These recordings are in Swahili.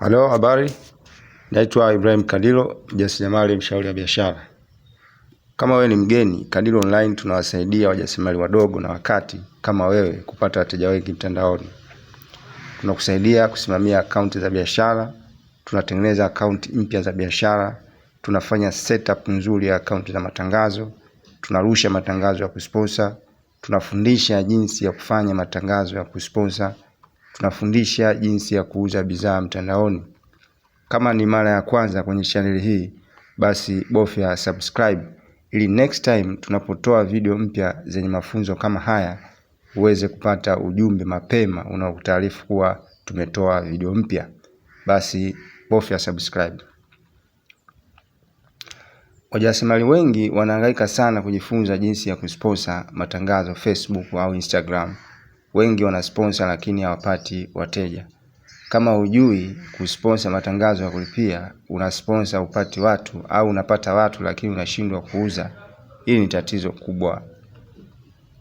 Halo, habari. Naitwa Ibrahim Kadilo, mjasiriamali, mshauri wa biashara. Kama wewe ni mgeni, Kadilo Online tunawasaidia wajasiriamali wadogo na wakati kama wewe kupata wateja wengi mtandaoni. Tunakusaidia kusimamia akaunti za biashara, tunatengeneza akaunti mpya za biashara, tunafanya setup nzuri ya akaunti za matangazo, tunarusha matangazo ya kusponsor, tunafundisha jinsi ya kufanya matangazo ya kusponsor tunafundisha jinsi ya kuuza bidhaa mtandaoni. Kama ni mara ya kwanza kwenye chaneli hii, basi bofya subscribe ili next time tunapotoa video mpya zenye mafunzo kama haya uweze kupata ujumbe mapema unaokutaarifu kuwa tumetoa video mpya. Basi bofya subscribe. Wajasiriamali wengi wanahangaika sana kujifunza jinsi ya kusponsa matangazo Facebook au Instagram wengi wana sponsor lakini hawapati wateja. Kama hujui kusponsor matangazo ya kulipia, una sponsor upati watu au unapata watu lakini unashindwa kuuza, hili ni tatizo kubwa.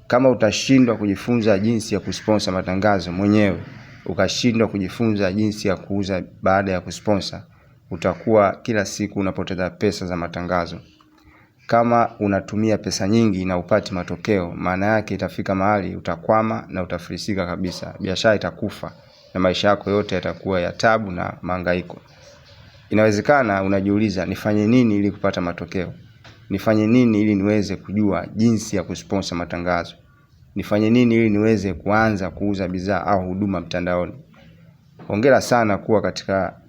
Kama utashindwa kujifunza jinsi ya kusponsor matangazo mwenyewe, ukashindwa kujifunza jinsi ya kuuza baada ya kusponsor, utakuwa kila siku unapoteza pesa za matangazo. Kama unatumia pesa nyingi na upati matokeo, maana yake itafika mahali utakwama na utafilisika kabisa. Biashara itakufa na maisha yako yote yatakuwa ya tabu na mahangaiko. Inawezekana unajiuliza nifanye nini ili kupata matokeo? Nifanye nini ili niweze kujua jinsi ya kusponsa matangazo? Nifanye nini ili niweze kuanza kuuza bidhaa au huduma mtandaoni? Hongera sana kuwa katika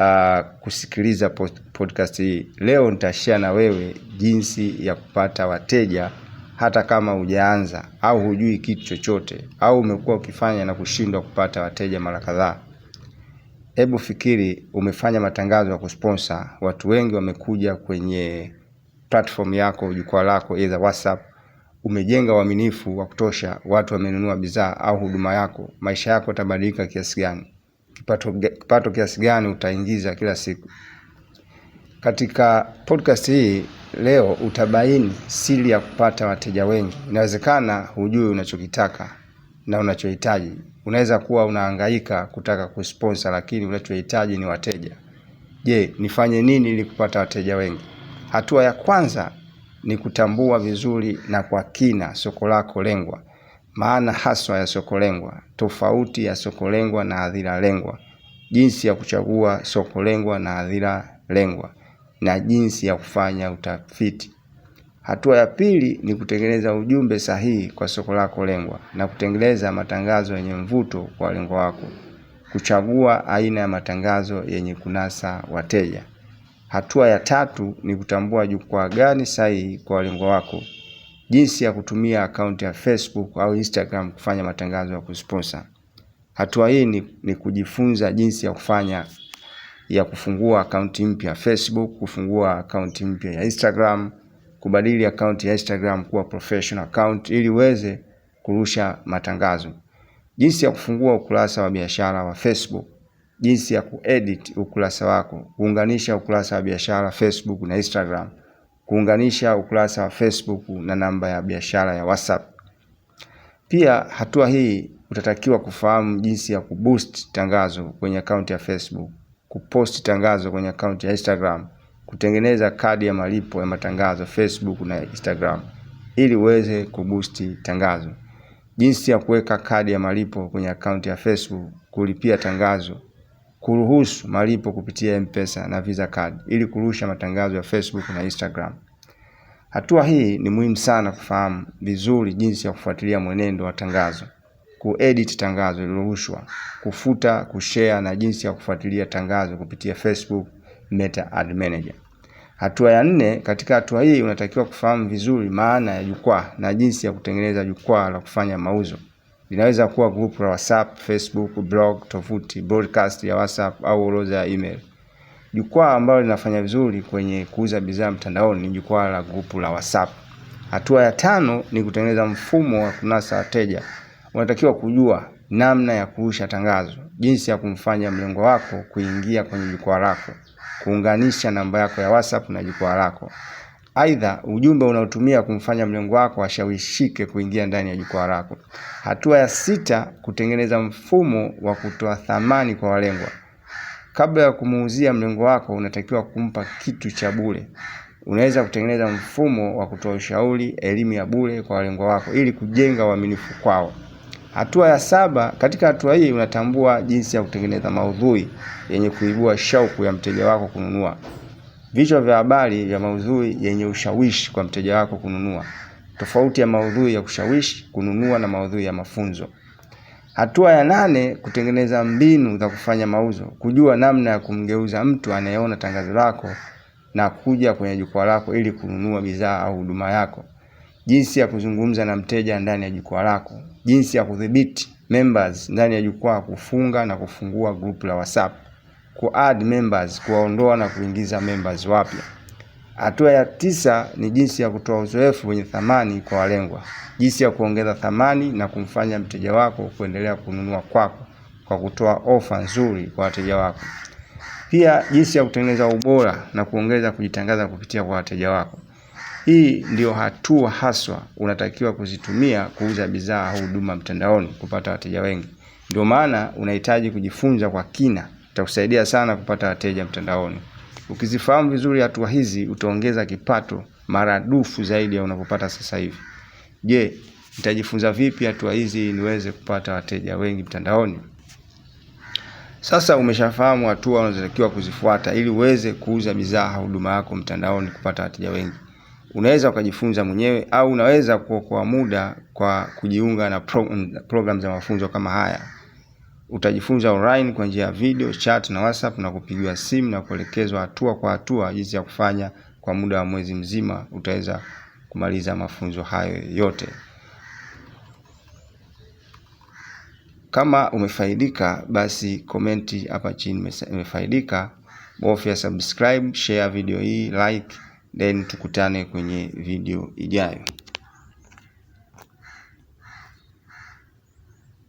uh, kusikiliza podcast hii. Leo nitashare na wewe jinsi ya kupata wateja hata kama hujaanza au hujui kitu chochote au umekuwa ukifanya na kushindwa kupata wateja mara kadhaa. Hebu fikiri, umefanya matangazo ya kusponsor, watu wengi wamekuja kwenye platform yako, jukwaa lako, either WhatsApp. Umejenga uaminifu wa kutosha, watu wamenunua bidhaa au huduma yako. Maisha yako yatabadilika kiasi gani? kipato, kipato kiasi gani utaingiza kila siku. Katika podcast hii leo utabaini siri ya kupata wateja wengi. Inawezekana hujui unachokitaka na unachohitaji. Unaweza kuwa unahangaika kutaka kusponsor, lakini unachohitaji ni wateja. Je, nifanye nini ili kupata wateja wengi? Hatua ya kwanza ni kutambua vizuri na kwa kina soko lako lengwa maana haswa ya soko lengwa, tofauti ya soko lengwa na hadhira lengwa, jinsi ya kuchagua soko lengwa na hadhira lengwa, na jinsi ya kufanya utafiti. Hatua ya pili ni kutengeneza ujumbe sahihi kwa soko lako lengwa na kutengeneza matangazo yenye mvuto kwa lengo wako. Kuchagua aina ya matangazo yenye kunasa wateja. Hatua ya tatu ni kutambua jukwaa gani sahihi kwa lengo wako jinsi ya kutumia akaunti ya Facebook au Instagram kufanya matangazo ya kusponsor. Hatua hii ni, ni kujifunza jinsi ya kufanya ya kufungua akaunti mpya ya Facebook, kufungua akaunti mpya ya Instagram, kubadili akaunti ya Instagram kuwa professional account ili uweze kurusha matangazo. Jinsi ya kufungua ukurasa wa biashara wa Facebook, jinsi ya kuedit ukurasa wako, kuunganisha ukurasa wa biashara Facebook na Instagram, kuunganisha ukurasa wa Facebook na namba ya biashara ya WhatsApp. Pia hatua hii utatakiwa kufahamu jinsi ya kuboost tangazo kwenye akaunti ya Facebook, kupost tangazo kwenye akaunti ya Instagram, kutengeneza kadi ya malipo ya matangazo Facebook na Instagram ili uweze kubusti tangazo. Jinsi ya kuweka kadi ya malipo kwenye akaunti ya Facebook, kulipia tangazo kuruhusu malipo kupitia Mpesa na Visa Card ili kurusha matangazo ya Facebook na Instagram. Hatua hii ni muhimu sana kufahamu vizuri jinsi ya kufuatilia mwenendo wa tangazo, kuedit tangazo lililorushwa, kufuta, kushare na jinsi ya kufuatilia tangazo kupitia Facebook Meta Ad Manager. Hatua ya nne, katika hatua hii unatakiwa kufahamu vizuri maana ya jukwaa na jinsi ya kutengeneza jukwaa la kufanya mauzo linaweza kuwa group la WhatsApp, Facebook, blog, tovuti, broadcast ya WhatsApp au orodha ya email. Jukwaa ambalo linafanya vizuri kwenye kuuza bidhaa mtandaoni ni jukwaa la grupu la WhatsApp. Hatua ya tano ni kutengeneza mfumo wa kunasa wateja. Unatakiwa kujua namna ya kurusha tangazo, jinsi ya kumfanya mlengo wako kuingia kwenye jukwaa lako, kuunganisha namba yako ya WhatsApp na jukwaa lako. Aidha, ujumbe unaotumia kumfanya mlengo wako ashawishike kuingia ndani ya jukwaa lako. Hatua ya sita, kutengeneza mfumo wa kutoa thamani kwa walengwa. Kabla ya kumuuzia mlengo wako, unatakiwa kumpa kitu cha bure. Unaweza kutengeneza mfumo wa kutoa ushauri, elimu ya bure kwa walengwa wako ili kujenga uaminifu kwao. Hatua ya saba, katika hatua hii unatambua jinsi ya kutengeneza maudhui yenye kuibua shauku ya mteja wako kununua. Vichwa vya habari vya maudhui yenye ushawishi kwa mteja wako kununua. Tofauti ya maudhui ya kushawishi kununua na maudhui ya mafunzo. Hatua ya nane kutengeneza mbinu za kufanya mauzo. Kujua namna ya kumgeuza mtu anayeona tangazo lako na kuja kwenye jukwaa lako ili kununua bidhaa au huduma yako. Jinsi ya kuzungumza na mteja ndani ya jukwaa lako. Jinsi ya kudhibiti members ndani ya jukwaa kufunga na kufungua group la whatsapp kuadd members, kuwaondoa na kuingiza members wapya. Hatua ya tisa ni jinsi ya kutoa uzoefu wenye thamani kwa walengwa, jinsi ya kuongeza thamani na kumfanya mteja wako kuendelea kununua kwako kwa kutoa ofa nzuri kwa wateja wako. Pia jinsi ya kutengeneza ubora na kuongeza kujitangaza kupitia kwa wateja wako. Hii ndio hatua haswa unatakiwa kuzitumia kuuza bidhaa au huduma mtandaoni kupata wateja wengi. Ndio maana unahitaji kujifunza kwa kina itakusaidia sana kupata wateja mtandaoni. Ukizifahamu vizuri hatua hizi utaongeza kipato maradufu zaidi ya unavyopata sasa hivi. Je, nitajifunza vipi hatua hizi niweze kupata wateja wengi mtandaoni? Sasa umeshafahamu hatua unazotakiwa kuzifuata ili uweze kuuza bidhaa huduma yako mtandaoni kupata wateja wengi. Unaweza ukajifunza mwenyewe au unaweza kuokoa muda kwa kujiunga na program za mafunzo kama haya. Utajifunza online kwa njia ya video, chat na whatsapp na kupigiwa simu na kuelekezwa hatua kwa hatua jinsi ya kufanya kwa muda wa mwezi mzima utaweza kumaliza mafunzo hayo yote. Kama umefaidika basi komenti hapa chini umefaidika. Bofya subscribe, share video hii, like then tukutane kwenye video ijayo.